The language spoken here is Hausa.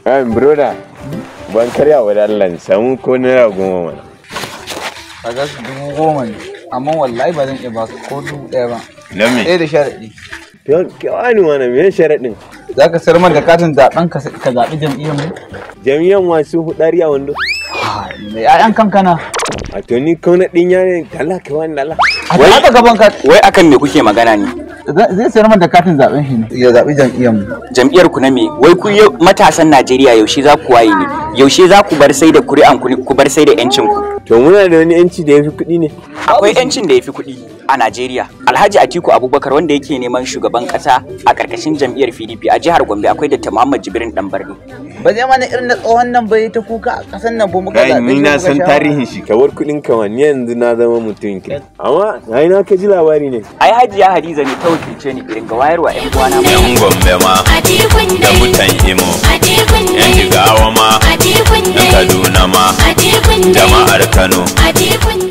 Ayan, broda, ban karya wa Allah samu ko naira goma mana. A Kaga dubu goma ne, amma wallahi ba zan iya ba su ko dubu ɗaya ba. Na me? Ɗaya da sharaɗi. Yan kyawani mana me sharaɗin? Za ka sayar man da katin zaɓen ka zaɓi jam'iyyar mu? Jam'iyyar masu hudari a wando. Mai ƴaƴan kankana. A to ni kauna ɗin yare, Allah ka wani Allah. A ta gaban ka. Wai akan me kuke magana ne? zai sayar man da katin zaben shi ne ya zabi jam'iyyar mu jam'iyyar ku na me wai ku matasan Najeriya yaushe za ku waye ne yaushe za ku bar sai da kuri'an ku bar sai da yancin ku to muna da wani yanci da yafi kuɗi ne akwai yancin da yafi kuɗi a Najeriya. Alhaji Atiku Abubakar wanda yake neman shugaban kasa a karkashin jam'iyyar PDP a jihar Gombe akwai Dr. Muhammad Jibrin Dambarni. Ba zai mana irin da tsohon nan bai ta kuka a kasan nan ba mu ga Ni na san tarihin shi kawar kudin ni yanzu na zama mutum Amma ai na ka ji labari ne. Ai haji ya Hadiza ne ta wakilce ni irin ga wayarwa ƴan uwana mu. Yan Gombe ma. Da mutan Imo. Yan Jigawa ma. Yan Kaduna ma. Jama'ar Kano.